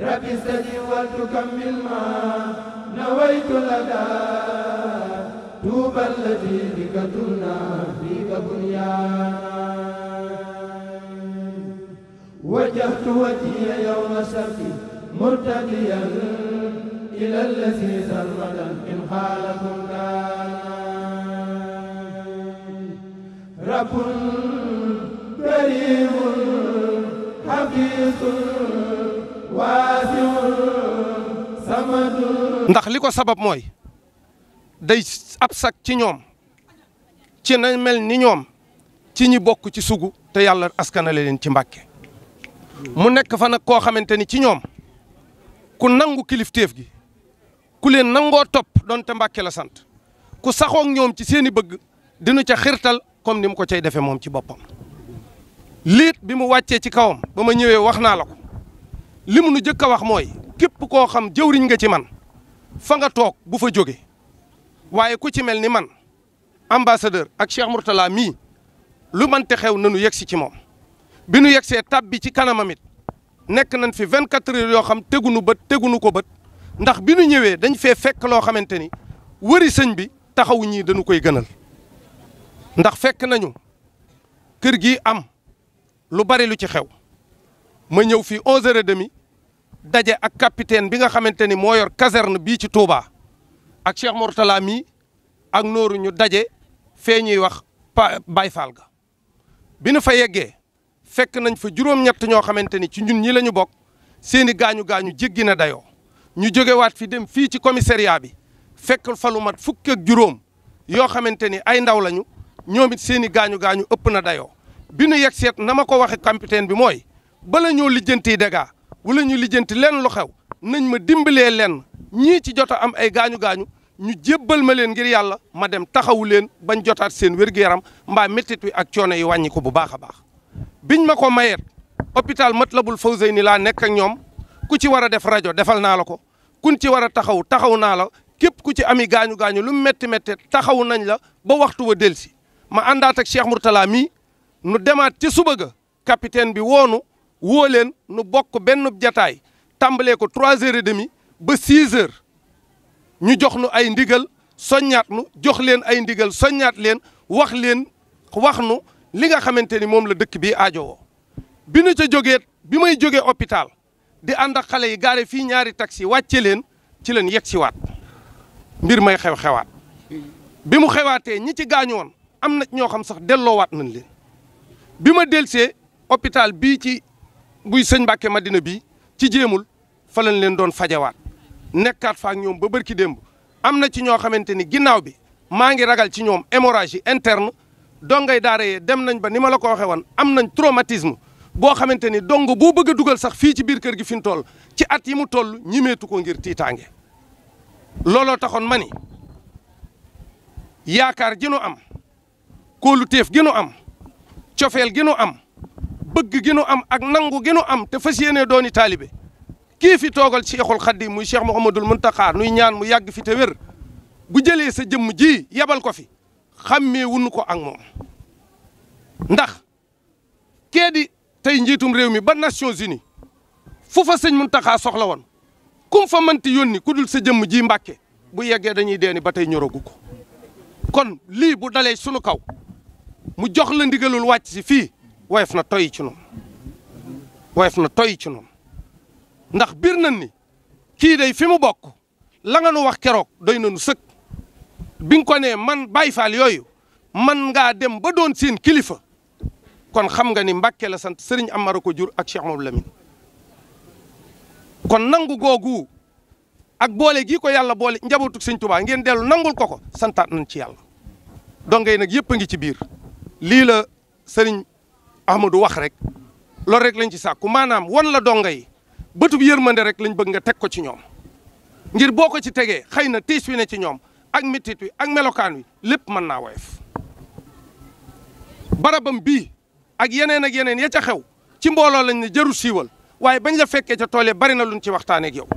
ربي استجب ولتكمل ما نويت لدى طوبى الذي بك تبنى فيك بنيانا وجهت وجهي يوم السبت مرتديا إلى الذي سرمدا إن خالكم كان رب كريم حفيظ ndax li ko sabab mooy day ab sag ci ñoom ci na mel ni ñoom ci ñi bokk ci sugu te yàlla askanale leen ci Mbàkke mu nekk fa nag koo xamante ni ci ñoom ku nangu kilifteef gi ku leen nangoo topp donte Mbàkke la sant ku saxoog ñoom ci seen i bëgg dinu ca xirtal comme ni mu ko cay defee moom ci boppam liit bi mu wàccee ci kawam ba ma ñëwee wax naa la ko li mu nu jëkk a wax mooy képp koo xam jëwriñ nga ci man fa nga toog bu fa jóge waaye ku ci mel ni man ambassadeur ak Cheikh Mourtala mii lu mante xew na nu yegg si ci moom bi nu yegg see tab bi ci kanamam it nekk nañ fi 24 heures yoo xam tegunu bët tegunu ko bët ndax bi nu ñëwee dañ fee fekk loo xamante ni wëri sëñ bi taxawu ñii dañu koy gënal ndax fekk nañu kër gi am lu bari lu ci xew ma ñëw fii 11h30 daje ak capitaine bi nga xamante ni moo yor caserne bii ci Touba ak Cheikh mi ak nooru ñu daje fee ñuy wax pa Baye Fall bi nu fa yeggee fekk nañ fa juróom-ñett ñoo xamante ni ci ñun ñi la ñu bokk seeni gaañu gaañu jéggi na dayoo ñu jógewaat fi dem fii ci commissariat bi fekk fa lu mat fukk juróom yoo xamante ni ay ndaw lañu ñoom it seeni gaañu gaañu ëpp na dayoo bi nu yegg seet na ma ko waxe capitaine bi mooy. bala ñoo lijjanti dégâts wala ñu lijjanti lenn lu xew nañ ma dimbalee lenn ñii ci jot a am ay gaañu gaañu ñu jébbal ma leen ngir yàlla ma dem taxawu leen bañ jotaat seen wér yaram mbaa méttit wi ak coono yi wàññi ko bu baax a baax biñ ma ko mat labul Matlaboul Fawzeyni laa nekk ak ñoom ku ci war a def rajo defal naa la ko kun ci war a taxaw taxaw naa la képp ku ci ami gaañu gaañu lu métti métti taxaw nañ la ba waxtu wa delsi ma àndaat ak Cheikh Mourtala mii nu demaat ci suba ga capitaine bi woonu woo leen nu bokk benn jataay tàmbalee ko trois heures et demie ba six heures ñu jox nu ay ndigal soññaat nu jox leen ay ndigal soññaat leen wax leen wax nu li nga xamante ni moom la dëkk bi aajowoo bi nu ca jógee bi may jógee hôpital di ànd ak xale yi gaare fii ñaari taxi wàcce leen ci leen yegg si waat mbir may xew xewaat bi mu xewaatee ñi ci gaañu woon am na ñoo xam sax delloowaat nañ leen bi ma delsee hôpital bii ci buy sëñ Mbàkke Madina bi ci jéemul fa lañ leen doon fajawaat nekkaat fa ak ñoom ba bërki démb am na ci ñoo xamante ni ginnaaw bi maa ngi ragal ci ñoom hémorragie interne dongay daara yee dem nañ ba ni ma la ko waxee woon am nañ tromatisme boo xamante ni dong boo bëgg a dugal sax fii ci biir kër gi fi mu toll ci at yi mu toll ñimeetu ko ngir tiitaange looloo taxoon ma ni yaakaar gi nu am kóolu téef gi nu am cofeel gi nu am bëgg gi nu am ak nangu gi nu am te fas yéenee dooni taalibe kii fi toogal Cheikhul Khadim muy Cheikh Mouhamadul Muntaxa nuy ñaan mu yàgg fi te wér bu jëlee sa jëmm ji yebal ko fi xàmmee wunu ko ak moom ndax kee di tey njiitum réew mi ba Nations Unies fu fa sëñ taxaa soxla woon kum fa manti yónni ku dul sa jëmm ji Mbàkke bu yeggee dañuy deeni ba tey ñorogu ko kon lii bu dalee sunu kaw mu jox la ndigalul wàcc si fii woyof na toy ci noonu woyof na toy ci noonu ndax biir nañ ni kii day fi mu bokk la nga nu wax keroog doy na nu sëkk bi nga ko nee man Baay Faal yooyu man ngaa dem ba doon seen kilifa kon xam nga ni Mbàkke la sant Serigne Amara ko jur ak Cheikh Mamadou Lamine kon nangu googu ak boole gii ko yàlla boole njabootu Sëñ Tuubaa ngeen dellu nangul ko ko santaat nañ ci yàlla dongay nag yëpp a ngi ci biir lii la Serigne. Ahmadou wax rek loolu rek lañ ci sàkku maanaam wan la donga yi bëtub yërmande rek lañ bëgg nga teg ko ci ñoom ngir boo ko ci tegee xëy na tiis wi ne ci ñoom ak métit wi ak melokaan wi lépp mën naa ba barabam bii ak yeneen ak yeneen ya ca xew ci mbooloo lañ ne jëru siiwal waaye bañ la fekkee ca tool yi bari na luñ ci waxtaanee ak yow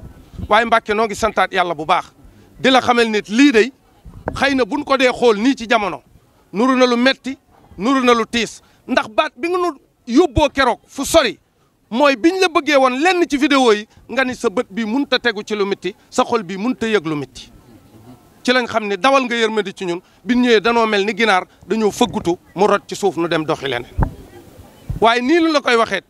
waaye Mbàkke noo ngi santaat yàlla bu baax di la xamal nit lii day xëy na buñ ko dee xool nii ci jamono nuru na lu metti nuru na lu tiis ndax baat bi nga nu yóbboo keroog fu sori mooy biñ la bëggee woon lenn ci vidéo yi nga ni sa bët bi mënut a tegu ci lu métti sa xol bii mënut a yëg lu métti ci lañ xam ne dawal nga yërmande ci ñun bi ñëwee danoo mel ni ginaar dañoo fëggutu mu rot ci suuf nu dem doxi leneen waaye nii lu la koy waxeet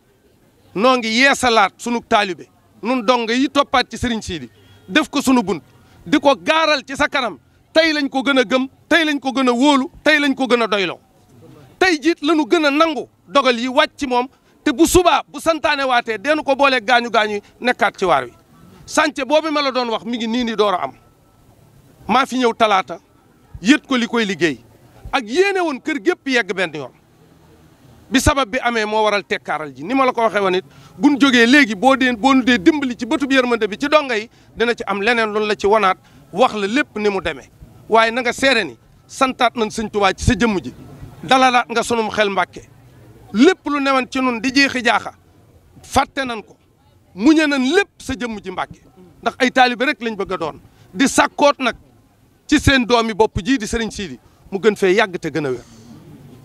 noo ngi yeesalaat sunu taalibe nun dong yi toppaat ci sëriñ Sidi def ko sunu bunt di ko gaaral ci sa kanam tey lañ ko gën a gëm tey lañ ko gën a wóolu tey lañ ko gën a doyloo tey jiit la ñu gën a nangu dogal yi wàcc ci moom te bu subaa bu santaane waatee deenu ko boole gaañu gaañu nekkaat ci waar wi. sànce boobu ma la doon wax mi ngi nii ni door a am maa fi ñëw talaata yët ko li koy liggéey ak yéene woon kër gépp yegg benn yoon bi sabab bi amee moo waral tekkaaral ji ni ma la ko waxee woon it buñ jógee léegi boo dee boo nu dee dimbali ci bëtub yërmande bi ci donga yi dina ci am leneen loolu la ci wanaat wax la lépp ni mu demee waaye na seere ni santaat nañ sëñ Tuubaa ci sa jëmm ji dalalaat nga sunum xel mbàkke lépp lu newoon ci nun di jeexi jaaxa fàtte nan ko muñe nan lépp sa jëmm ji mbàkke ndax ay taalibe rek lañ bëgg a doon di sàkkoot nag ci seen doomi bopp jii di sëriñ Sidi mu gën fee yàgg te gën a wér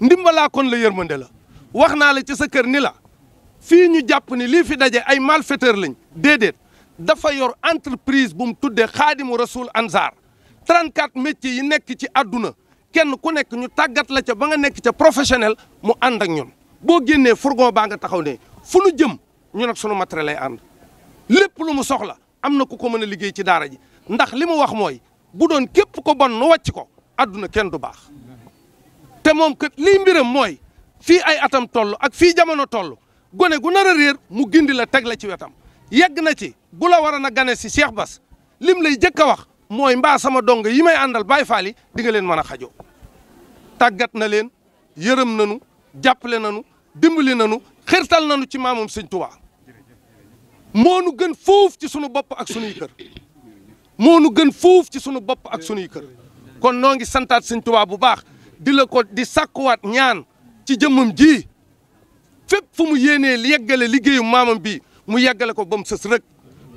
ndimbalaa kon la yërmande la wax naa la ci sa kër ni la fii ñu jàpp ni lii fi daje ay malfaiteur lañ déedéet dafa yor entreprise bu mu tuddee xaadimu rasul ansar 34 métiers yi nekk ci àdduna kenn ku nekk ñu tàggat la ca ba nga nekk ca professionnel mu ànd ak ñun boo génnee fourgon baa nga taxaw ne fu nu jëm ñu nag sunu matériel lay ànd lépp lu mu soxla am na ku ko mën a liggéey ci daara ji ndax li mu wax mooy bu doon képp ko bon nu wàcc ko àdduna kenn du baax te moom kat lii mbiram mooy fii ay atam toll ak fii jamono toll gone gu nar a réer mu gindi la teg la ci wetam yegg na ci bu la wara na gane si Cheikh Bass lim lay jëkk a wax mooy mbaa sama dongo yi may àndal Baay Faal di nga leen man a xajoo tàggat na leen yërëm nanu jàppale nanu dimbali nanu xirtal nanu ci maamam Sëñ Tuubaa nu gën ci sunu bopp ak moo nu gën foofu ci sunu bopp ak sunuy kër kon noo ngi santaat Sëñ bu baax di la ko di sàkkuwaat ñaan ci jëmmam ji fépp fu mu yéenee yeggale liggéeyum maamam bi mu yeggale ko ba mu sës rek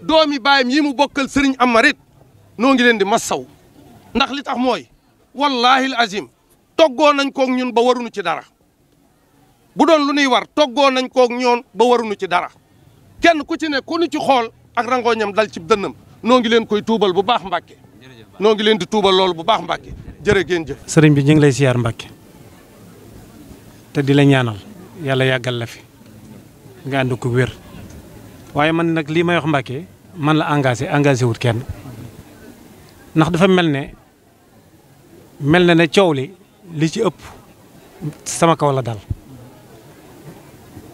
doomi baayam yi mu bokkal sëriñ Amarit noo ngi leen di massaw ndax li tax mooy wallahi azim toggoo nañ koog ñun ba waruñu ci dara bu doon lu nuy war toggoo nañ koog ñoon ba waruñu ci dara kenn ku ci ne ku nu ci xool ak rangooñam dal ci dënnam noo ngi leen koy tuubal bu baax Mbàkke noo ngi leen di tuubal loolu bu baax Mbàkke jërë ngeen jëf. sëriñ bi ñu ngi lay siyaar Mbàkke te di la ñaanal yàlla yàggal la fi nga ànd wér waaye man nag lii may wax man la engagé engagé wut kenn. ndax dafa mel ne mel na ne coow li li ci ëpp sama kaw la dal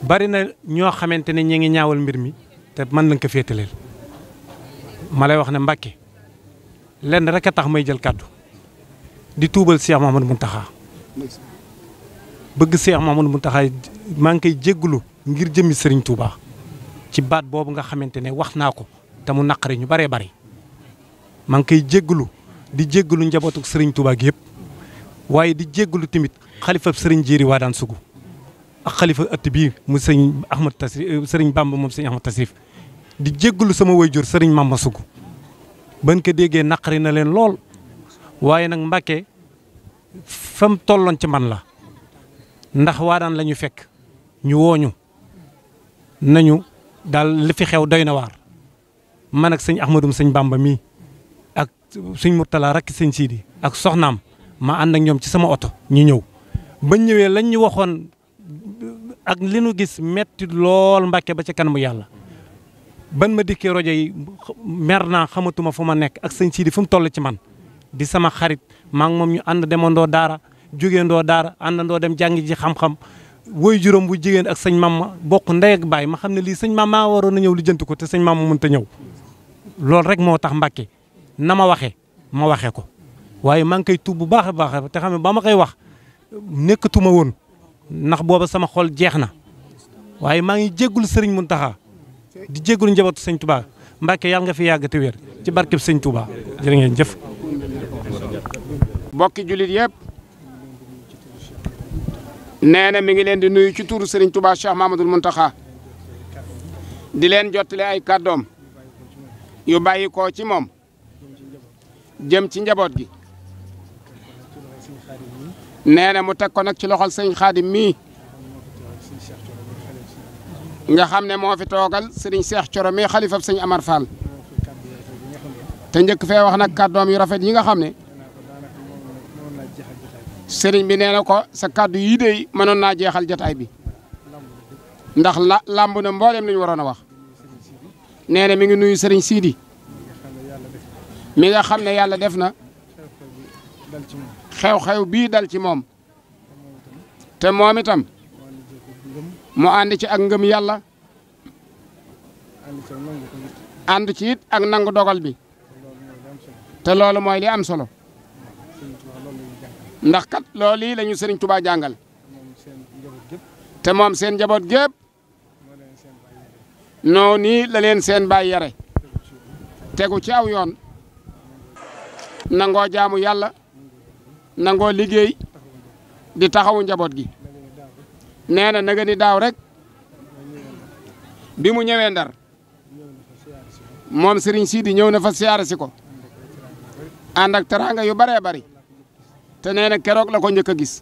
bari na ñoo xamante ne ñi ngi ñaawal mbir mi te man lañ ko féetaleel ma lay wax ne Mbàkke lenn rek a tax may jël kàddu di tuubal Cheikh mu taxaa bëgg Cheikh mu taxaa maa ngi koy jégglu ngir jëmmi sëriñ Touba ci baat boobu nga xamante ne wax naa ko te mu naqari ñu baree bari maa ngi koy jégglu di jégglu njabootuk sëriñ Touba gi yëpp waaye di jégglu tamit xalifab sëriñ Jéeri waa daan sugu ak xalifa ëtt bii mu sëriñ euh, Ahmad Tasrif sëriñ Bamba moom di jégglu sama wayjur sëriñ Mamba sugu ban ko déggee naqari na leen lool waaye nag Mbàkke fam tolloon ci man la ndax waa daan la ñu fekk ñu wooñu nañu daal li fi xew doy na waar man ak sëñ Ahmadum sëñ Bamba mii sëñ Mourtala rakk sëñ Sidi ak soxnaam ma ànd ak ñoom ci sama oto ñu ñëw bañ ñëwee lañ ñu waxoon ak li nu gis metti lool Mbàkke ba ca kanamu yàlla ban ma dikkee rajo yi mer naa xamatuma fu ma nekk ak sëñ Sidi fu mu toll ci man di sama xarit maa ngi moom ñu ànd demandoo daara jógeendoo daara àndandoo dem jàngi ji xam-xam woy juróom bu jigéen ak sëñ mamma bokk ndey ak baay ma xam ne lii sëñ mamma waroon na ñëw li ko te sëñ mamma mënut a ñëw loolu rek moo tax Mbàkke na ma waxee ma waxee ko waaye maa ngi koy tuub bu baax a baax te xam ba ma koy wax nekkatuma woon ndax booba sama xol jeex na waaye maa ngi jéggul sëriñ Muntaxa di jéggul njabootu sëñ Touba Mbàkke yàlla nga fi yàgg te wér ci barkeb sëñ Touba jërë ngeen jëf. mbokki jullit yëpp nee na mi ngi leen di nuyu ci tuuru sëriñ ma Cheikh Mamadou Muntaxa di leen jottali ay kàddoom yu bàyyi ko ci moom. jëm ci njaboot gi. nee na mu teg ko nag ci loxol sëñ xaadim mii. nga xam ne moo fi toogal sëriñ seex coro mii xalifab sëñ Amar Fall. te njëkk fee wax nag kàddoom yu rafet yi nga xam ne. sëriñ bi nee na ko sa kàddu yii de mënoon naa jeexal jotaay bi. ndax la làmb na mboolem li waroon a wax. nee na mi ngi nuyu sëriñ siidi mi nga xam ne yàlla def na xew-xew bii dal ci moom te moom itam mu ànd ci ak ngëm yàlla ànd ciit ak nangu dogal bi te loolu mooy li am solo ndax kat loolu yi lañu ñu sëriñ Tuubaa jàngal te moom seen njaboot gépp noo nii la leen seen bàyyi yare tegu ci aw yoon nangoo jaamu yàlla nangoo liggéey di taxawu njaboot gi nee na daaw rek bi mu ñëwee ndar moom Serigne Sidi ñëw na fa siyaare si ko ànd ak teraanga yu baree bari te nee na keroog la ko njëkk a gis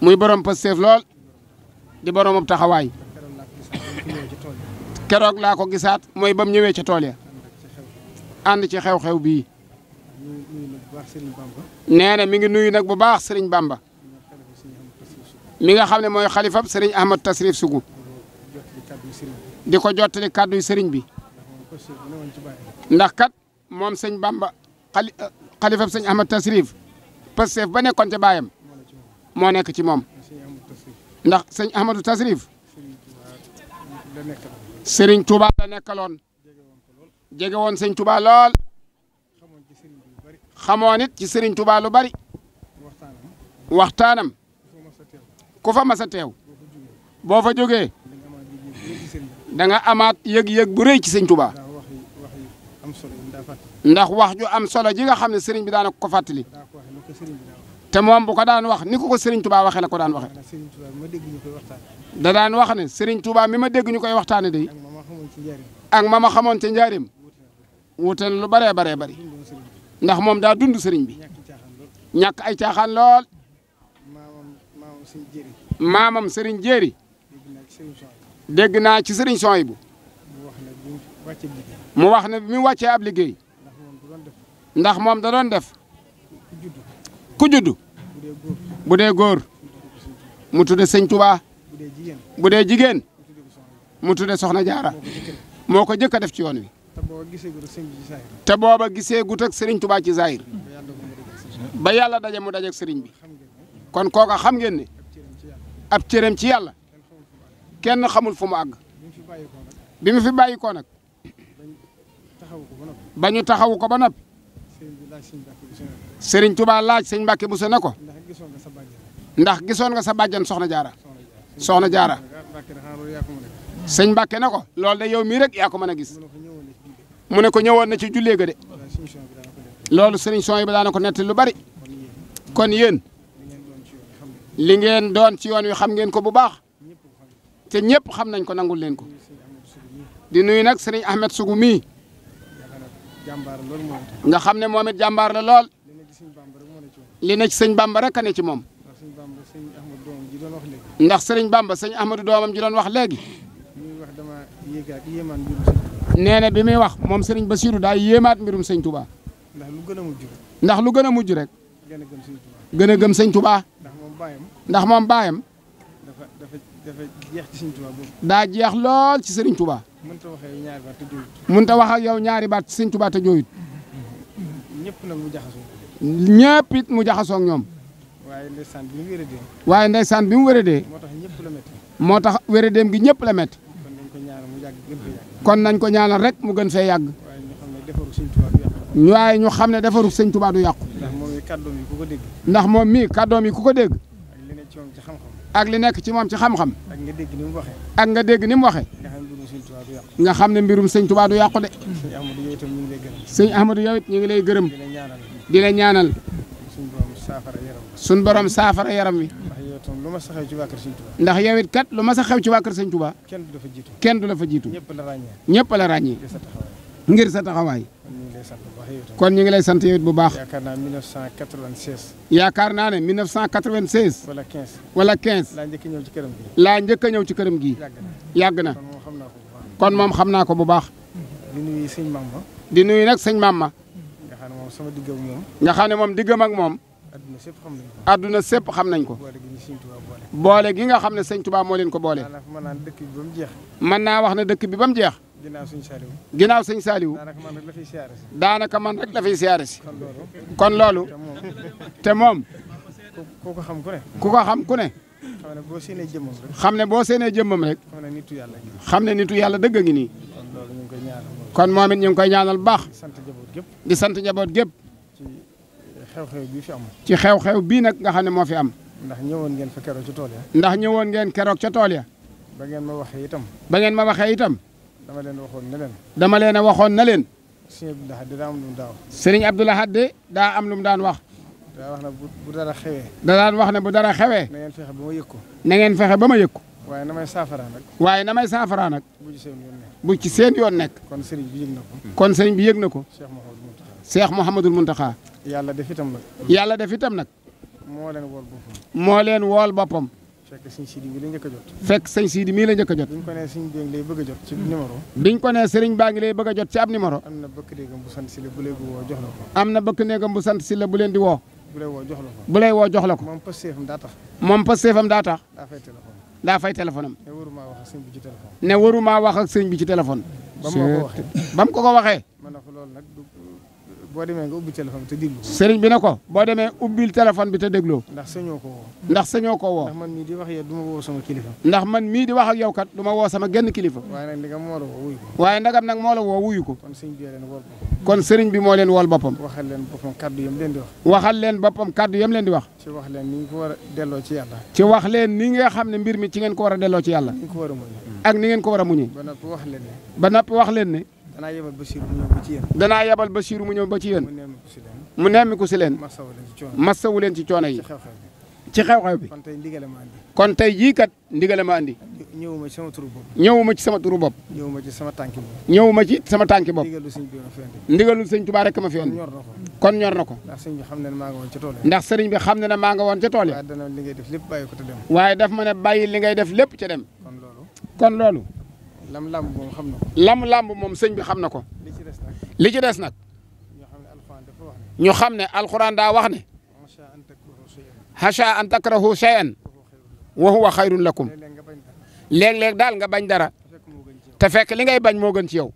muy borom Pastef lool di boromub taxawaay keroog laa ko gisaat mooy ba mu ñëwee ca tool ya ànd ci xew-xew bii nee na mi ngi nuyu nag bu baax Serigne Bamba. mi nga xam ne mooy xalifab sëriñ Ahmad Tasrif Sugu. di ko jottali kàddu yu Serigne bi. ndax kat moom sëñ Bamba xali eh, xalifab sëñ Ahmad Tasrif. Pastef ba nekkoon ca baayam moo nekk ci moom. ndax sëñ Ahmadou Tasrif. Serigne Touba la nekkaloon. jege woon sëñ Touba lool. xamoo nit ci Serigne tubaa lu bari waxtaanam ko fa mas a teew boo fa jógee da nga amaat yëg-yëg bu rëy ci Serigne Touba ndax wax ju am solo ji nga xam ne Serigne bi daana ko fàttali te moom bu ko daan wax ni ko ko Serigne Touba ko daan waxe da daan wax ne Serigne Touba mi ma dégg ñu koy waxtaane day ak ma ma xamoon ca njaarim wuute lu baree baree bari ndax moom daa dund sëriñ bi ñàkk ay caaxaan lool maamam sëriñ jéeri dégg naa ci sëriñ sooy bu mu wax ne bi mu wàccee ab ndax moom da doon def ku bu dee góor mu tudde sëñ Tuubaa bu dee jigéen mu tudde soxna jaara moo ko jëkk def ci yoon wi te booba gisee gut ak sëriñ Tuubaa ci Zahir. ba yàlla daje mu daje sëriñ bi. kon kooka xam ngeen ne ab cëram ci yàlla kenn xamul fu mu àgg. bi mu fi bàyyi ko nag. ba ñu taxawu ko ba noppi. sëriñ Tuubaa laaj sëñ Mbàkke bu sa ne ko. ndax gisoon nga sa bàjjan soxna jaara soxna jaara sëñ ah, Mbàkke ne ko loolu de yow mii rek yaa ko mën a gis. mu ne ko ñëwoon na ci jullee ga de loolu sëriñ son yi ba daana ko nettali lu bari kon yéen li ngeen doon ci yoon wi xam ngeen ko bu baax te ñëpp xam nañ ko nangul leen ko di nuyu nag sëriñ Ahmed Sougou mii nga xam ne moom it jàmbaar la lool li na ci sëñ Bamba rek a ne ci moom ndax sëriñ Bamba sëñ Ahmadou doomam ji doon wax léegi. nee bi muy wax moom Serigne Bassirou daay yéemaat mbirum sëñ Touba. ndax lu gën a mujj ndax lu gën a mujj rek. gën a gëm sëñ Touba. gën a gëm sëñ Touba. ndax moom baayam. ndax moom baayam. dafa dafa dafa jeex ci sëñ Touba boobu. daa jeex lool ci Serigne Touba. mënut a wax ñaari baat te jooyut. mënut a wax ak yow ñaari baat ci te jooyut. ñëpp nag mu jaxasoo. ñëpp mu jaxasoo ñoom. waaye ndeysaan bi mu wéradee. waaye ndeysaan bi mu dee moo tax ñëpp la métti. moo tax wéradeem gi ñëpp la métti. kon nañ ko ñaanal rek mu gën fee yàgg. waaye ñu xam ne defaru sëñ Tuubaa du yàqu. ndax moom mii kàddoom yi ku ko dégg. ndax moom mii kàddoom yi ku ko dégg. li nekk ci moom ci xam-xam. ak li nekk ci moom ci xam-xam. nga dégg ni mu waxee. ak nga dégg ni mu waxee. nga xam ne mbirum sëñ Tuubaa du yàqu de. sëñ Ahmadou yow it ñu ngi lay gërëm. di la ñaanal. suñ borom saafara yaram wi. lu ma sa xew ci waa kër Sëñ Tuubaa ndax yow it kat lu ma sa xew ci waa kër Sëñ kenn du la fa jiitu kenn du la fa jiitu ñëpp la ràññee ngir sa taxawaay kon ñu ngi lay sant yow bu baax yaakaar naa 1996 yaakaar naa ne 1996 wala 15 wala 15 laa njëkk a ñëw ci këram gi laa njëkk a ñëw ci këram gi yàgg na kon moom xam naa ko bu baax di nuyu sëñ Mama di nuyu nag sëñ Mama nga xam ne moom sama diggam moom nga xam ne moom ak moom adduna sépp xam nañ ko. sépp xam nañ ko. boole gi gi nga xam ne sëñ Tuubaa moo leen ko boole. mën naa dëkk bi ba mu jeex. mën naa wax ne dëkk bi ba mu jeex. ginnaaw sëñ Saaliw. ginnaaw sëñ Saaliw. daanaka man rek la fiy siyaare si. daanaka man rek la fiy siyaare si. kon loolu. te moom. ku ko xam ku ne. ku ko xam ku ne. xam ne boo séenee jëmmam rek. xam ne boo séenee jëmmam rek. xam ne yàlla xam ne nitu yàlla dëgg ngi nii. kon moom it ñu ngi koy ñaanal baax. di sant njaboot gépp. di sant njaboot gépp. xew-xew bii ci xew-xew bii nag nga xam ne moo fi am. ndax ñëwoon ngeen fa keroog ca tool ya. ndax ñëwoon ngeen keroog ca tool ya. ba ngeen ma waxee itam. ba ngeen ma waxee itam. dama leen waxoon na leen. dama leen a waxoon na leen. sëriñ Abdou daa am lu mu daan wax. sëriñ Abdou Lahad daa am lu mu daan wax. daa wax ne bu dara xewee. da daan wax ne bu dara xewee. na ngeen fexe ba ma yëg ko. na ngeen fexe ba ma yëg ko. waaye namay saafaraa nag. waaye namay saafaraa nag. bu ci seen yoon nekk. bu ci seen nekk. kon sëriñ bi yëg na ko. kon sëriñ bi yëg na ko. Cheikh Mouhamadul Mountakha. yàlla def itam nag. yàlla def itam nag. moo leen wool boppam. fekk sëñ Sidi la njëkk a jot. fekk sëñ Sidi mii biñ ko nee sëñ baa ngi lay bëgg a jot ci a jot ci ab numéro. am na bëkk néegam bu si bu leen di sant si bu leen di woo. bu lay woo jox la ko. la ko. moom pasteefam daa tax. moom pasteefam daa tax. daa fay téléphone. daa fay téléphone ne waruma wax ak bi ci téléphone. ne waruma ko ko waxee. boo demee nga ubbi téléphone bi te déglu. sëriñ bi ne ko boo demee ubbil téléphone bi te dégloo. ndax sañoo ko woo. ndax sañoo ko woo. ndax man mii di wax yow du ma woo ndax man mii di wax ak kat du ma woo sama genn kilifa. waaye nag ndagam moo la woo wuyu waaye ndagam nag moo la woo wuyu ko. kon sëriñ bi leen kon sëriñ bi moo leen wol boppam. waxal leen boppam kaddu yam leen di wax. waxal leen boppam kaddu yam leen di wax. ci wax leen ni nga ko war a delloo ci yàlla. ci wax leen ni nga xam ne mbir mi ci ngeen ko war a delloo ci yàlla. ni nga war a muñee. ak ni ngeen ko war a muñee. ba noppi wax danaa yebal Bachir mu ñëw ba ci yéen. danaa yebal Bachir mu ñëw ba ci yéen. mu nemmiku si leen. masawu leen ci coono yi. ci xew-xew bi. kon tey ndigale ma andi. kon tey jii kat ndigale ma andi. ñëwuma ci sama turu bopp. ñëwuma ci sama turu bopp. ñëwuma ci sama tànki bopp. ñëwuma ci sama tànki bopp. ndigalul sëñ bi ma fi andi. ndigalul sëñ Tuubaa rek ma fi andi. kon ñor na ko. ndax sëriñ bi xam na ne maa nga woon ca tool ndax sëriñ bi xam na ne maa nga woon ca tool yi. waaye dana li ngay def lépp bàyyi ko te dem. waaye daf ma ne bàyyi li ngay def lépp ca dem. kon loolu. kon loolu. lam làmb moom xam na ko. bi xam na ko. li ci des nag ñu xam ne alxuraan daa wax ne. hasha an takrahu shay'an wa huwa xayrun lakum léeg-léeg daal nga bañ dara te fekk li ngay bañ moo gën ci yow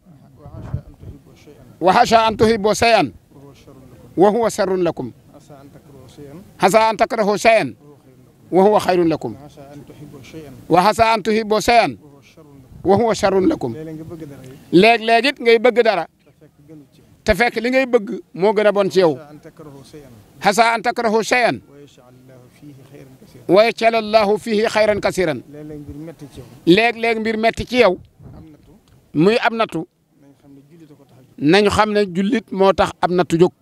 wa hasha an tuhibbu shay'an wa huwa sharrun lakum hasha an takrahu shay'an wa huwa xayrun lakum wa hasha an tuhibbu shay'an wa huwa sharrun lakum léeg-léeg it ngay bëgg dara te fekk li ngay bëgg moo gën a bon ci yow xasa an takrahu shay'an wa yaj'ala Allahu fihi xayran kasiran léeg-léeg mbir metti ci yow muy am natu nañu xam ne jullit moo tax am natu jóg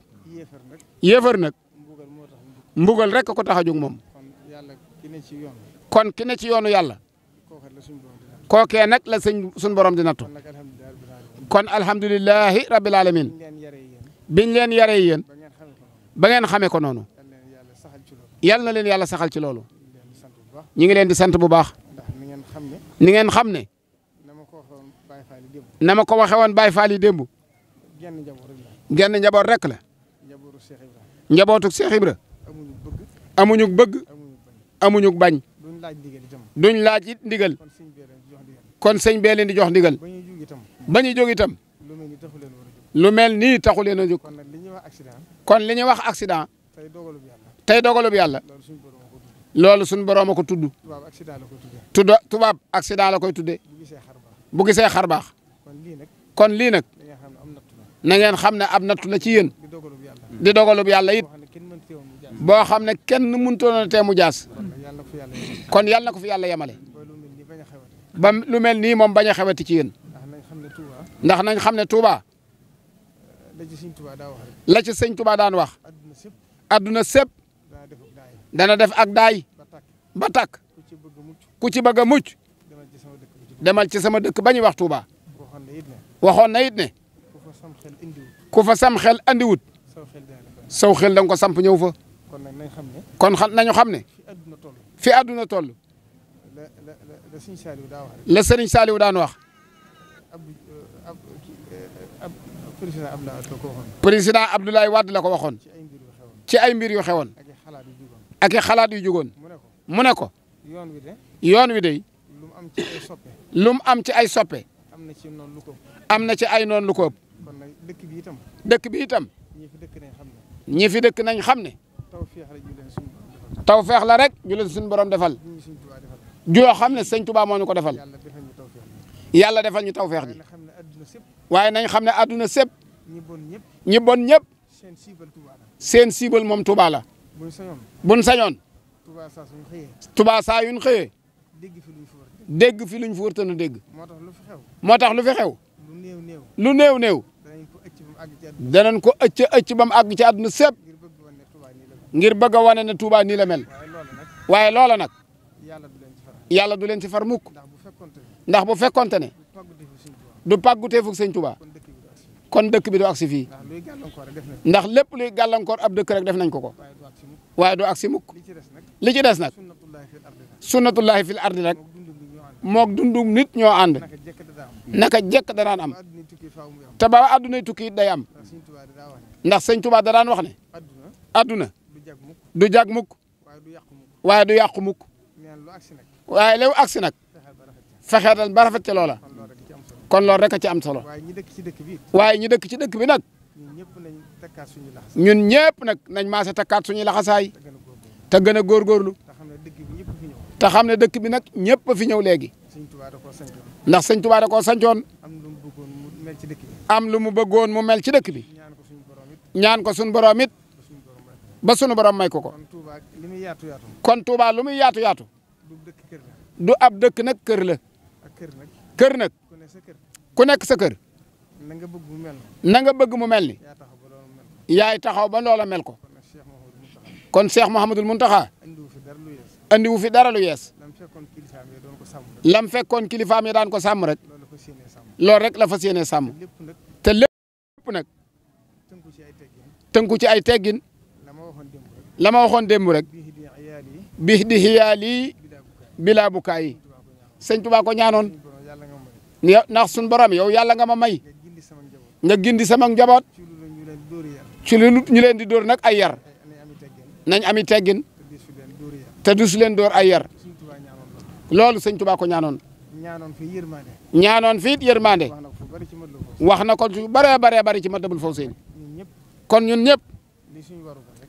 yéefar nag mbugal rek ko tax a jóg moom kon ki ne ci yoonu yàlla kookee nag la sëñ suñ borom di nattu kon alhamdulilahi rabbil alamin biñ leen yare yéen ba ngeen xamee ko noonu yal na leen yàlla saxal ci loolu ñu ngi leen di sant bu baax ni ngeen xam ne na ma ko waxee woon Baye Fall yi démb genn njaboot rek la njabootu Cheikh Ibra amuñu bëgg amuñu bañ duñ laaj it ndigal kon sëñ bee leen di jox ndigal. ba ñuy jóg itam. ba ñuy jóg itam. lu mel nii taxu leen a jóg. kon li ñuy wax accident. kon li ñuy wax accident. tey dogalub yàlla. tey dogalub yàlla. loolu suñ borom a ko tudd. tubaab accident la koy tuddee. tudd tubaab accident la koy tuddee. bu gisee xar baax. bu gisee xar baax. kon lii nag. kon lii nag. na ngeen xam ne ab nattu la ci yéen. di dogalub yàlla. di dogalub yàlla it. boo xam ne kenn mënutoon a tee mu jaas. kon yàlla na ko fi yàlla yemale. ba lu mel nii moom bañ a xewati ci yéen. ndax nañu xam ne Touba. la ci sëñ Touba daan wax la ci sëñ Touba daan wax. adduna sépp. dana def ak daay. ba tàkk ku ci bëgg a mucc. demal ci sama dëkk ba ñuy wax Touba. waxoon na it ne. ku fa sam xel andiwut. saw xel da ko samp ñëw fa. kon nañu xam ne. fi adduna toll. la sëriñ Saliou daan wax la sëriñ Saliou daan wax. Euh, euh, président Abdoulaye Wade la ko waxoon. ci ay mbir yu xewoon. ak i xalaat yu jugoon. mu ne ko. yoon wi de. yoon wi de. lu am ci ay soppe. am ci ay soppe. am na ci noonu am na ci ay noon lu ko ëpp. dëkk bi itam. dëkk bi ñi fi dëkk nañ xam ne. ñi fi xam ne. tawfeex rek ñu leen suñu defal. joo xam ne sëñ Tuubaa moo ñu ko defal yàlla defal ñu taw tawfeex ji waaye nañ xam ne àdduna sëpp ñi bon ñëpp seen siibal moom Tuubaa la buñ sañoon Tuubaa saa yuñ xëyee dégg fi luñ fa wërtan a dégg moo tax lu fi xew lu néew néew danañ ko ëcc ëcc ba mu àgg ci àdduna sëpp ngir bëgg a wane ne Tuubaa nii la mel waaye loola nag yàlla du leen ci far mukk ndax bu fekkonte ne du pàgguteefug sëñ Tuubaa kon dëkk bi du agsi fii ndax lépp luy gàllankoor ab dëkk rek def nañ ko ko waaye du agsi mukk li ci des nag sunnatullahi fil ardi rek moog dundum nit ñoo ànd naka jekk danaan am te ba addunay tukki it day am ndax sëñ Tuubaa da daan wax ne adduna du jag mukk waaye du yàqu mukk. waaye lew agsi nag fexe dal ba loo ca loola kon loolu rek a ci am solo waaye ñu dëkk ci dëkk bi waaye ñu dëkk ci dëkk bi nag ñun ñëpp nag nañ maase takkaat suñuy laxasaay te gën a góorgóorlu te xam ne dëkk bi nag ñëpp fi ñëw léegi ndax sëñ Tuubaa da koo sancoon am lu mu bëggoon mu mel ci dëkk bi ñaan ko suñu borom it ba sunu borom may ko ko kon Tuubaa lu muy yaatu yaatu du ab dëkk nag kër la. kër nag ku nekk sa kër. na nga bëgg mu mel na nga bëgg mu mel ni. yaay taxaw ba loola mel ko. kon Cheikh Mouhamadul Mountakha. andi wu fi dara lu yees. lam fekkoon kilifaam yi daan ko sàmm rek. loolu rek la fas yéenee sàmm. te lépp nag. tënku ci ay teggin. la ma waxoon démb rek. bii di xiyaal yi. bila bu kaay sëñ Tuubaa ko ñaanoon ndax suñu borom yow yàlla nga ma may nga gindi sama njaboot ci lu ñu leen di dóor nag ay yar nañ ami teggin te du su leen dóor ay yar loolu sëñ Tuubaa ko ñaanoon ñaanoon fi it yërmande wax na ko ci bëree bëree bëri ci Matlabul Fawzayni kon ñun ñëpp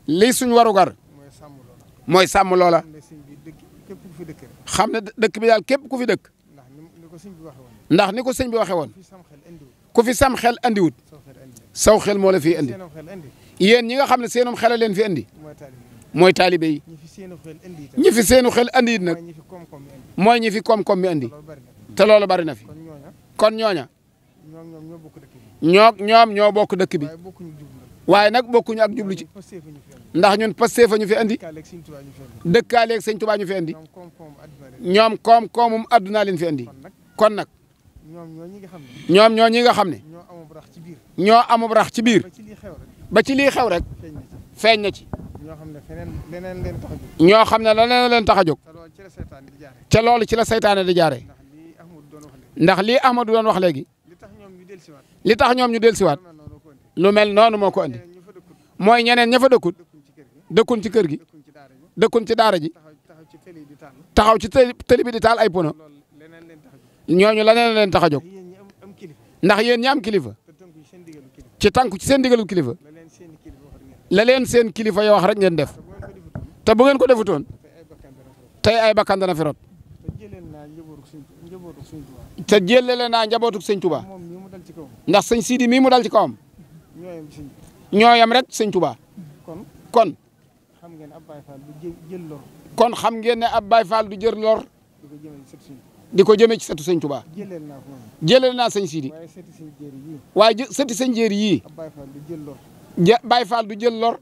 li suñ warugar mooy sàmm loola. mooy sàmm loola. képp ku fi dëkk xam ne dëkk bi daal képp ku fi dëkk. ndax ni ko sëñ bi waxee woon. ku fi sam xel andiwut. saw xel moo la fi andi. yéen ñi nga xam ne seenum xel a leen fi andi. mooy taalibe yi. ñi fi seenu xel andi it nag. mooy ñi fi koom-koom mi andi. te loolu bari na fi. kon ñooña. ñoom ñoo bokk dëkk bi. ñoo ñoom ñoo bokk dëkk bi. waaye nag bokkuñu ak jublu ci ndax ñun Pastef fa ñu fi andi dëkkaaleeg sëñ Tuubaa ñu fi andi ñoom koom-koomum addunaa leen fi andi kon nag ñoom ñoo ñi nga xam ne ñoo amub rax ci biir ba ci lii xew rek feeñ na ci ñoo xam ne la leneen leen tax a jóg ca loolu ci la seytaane di jaaree ndax lii Ahmadou doon wax léegi li tax ñoom ñu dellusiwaat lu mel noonu moo ko andi mooy ñeneen ña fa dëkkut dëkkun ci kër gi dëkkun ci daara ji taxaw ci tëli bi ay pono ñooñu laneen leen tax a jóg ndax yéen ñi am kilifa ci tànku ci seen digalu kilifa la leen seen kilifa yoo wax rek ngeen def te bu ngeen ko defutoon tey ay bakkan dana fi rot te jëlee naa njabootu sëñ Tuubaa ndax sëñ Sidi mii mu dal ci kawam ñoo ñooyam rek sëñ Touba. kon xam ngeen ab Baye Fall du jël lor. kon xam ngeen ne ab Baye Fall du jël lor. di ko jëmee ci sëtu sëñ Touba. jëleel naa ko moom naa sëñ Sidi. waaye sëti sëñ jéeri yii. waaye sëti sëñ jéeri yii. ab Baye du jël lor. ja Baye Fall du jël lor.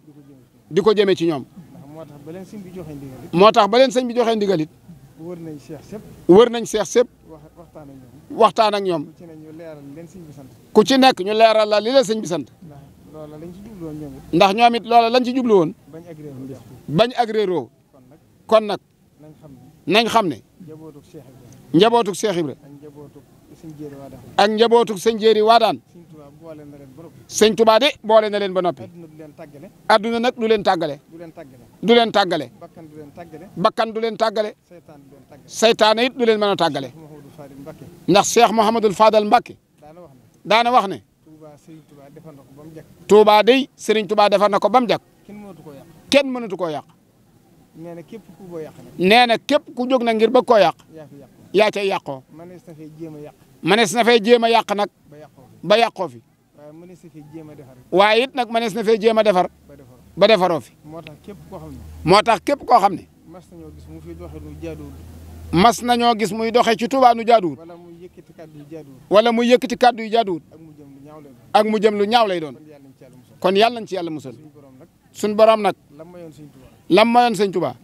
di ko jëmee ci ñoom. moo tax ba leen sëñ bi joxe ndigal moo tax ba leen sëñ bi joxe ndigal it. wër nañ seex sëpp. wër nañ seex sëpp. waxtaan ak ñoom. ak ñoom. ku ci nekk ñu leeral sëñ bi li leen sëñ bi sant. ndax ñoom it loola lañ ci jublu woon bañ ak réeroo kon nag nañ xam ne njabootuk Cheikh Ibra ak njabootuk sëñ Jéeri Waadaan sëñ Tuubaa de boole na leen ba noppi adduna nag du leen tàggale du leen tàggale bakkan du leen tàggale saytaane it du leen mën a tàggale ndax Cheikh Mouhamadul Fadal Mbacke daana wax ne Touba day Serigne Touba defar na ko ba mu jag. kenn mënatu koo yàq. kenn mënatu koo yàq. nee na képp ku boo yàq na képp ku jóg na ngir bëgg koo yàq. yaa cay yàqoo. mënees na fay jéem a yàq. mënees na fay jéem a yàq nag. ba yàqoo fi ba yàqoo fi. waaye mënees na fay jéem a defar. waaye it nag mënees na fay jéem a defar. ba defaroo fi. moo tax képp ko xam ne. moo tax képp koo xam ne. mas nañoo gis mu fi doxee nu jaaduwul. mas nañoo gis muy doxee ci Touba nu jaaduwul. wala muy yëkkati kàddu yu jaaduwul. wala muy yëkkati kàddu yu ak mu jëm lu ñaaw lay doon kon yàlla nañ ci yàlla musal suñ borom nag lam mayoon sëñ Tuubaa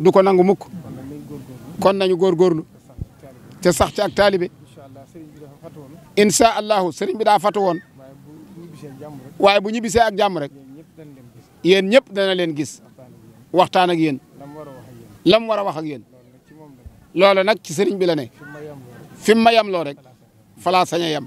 du ko nangu mukk kon nañu góorgóorlu te sax ci ak taalibe incha allahu seriñ bi daa fatu woon waaye bu ñibbisee ak jàmm rek yéen ñëpp dana leen gis waxtaan ak yéen lam war a wax ak yéen loolu nag ci sëriñ bi la ne fi mu ma yem loo rek falaa sañ yam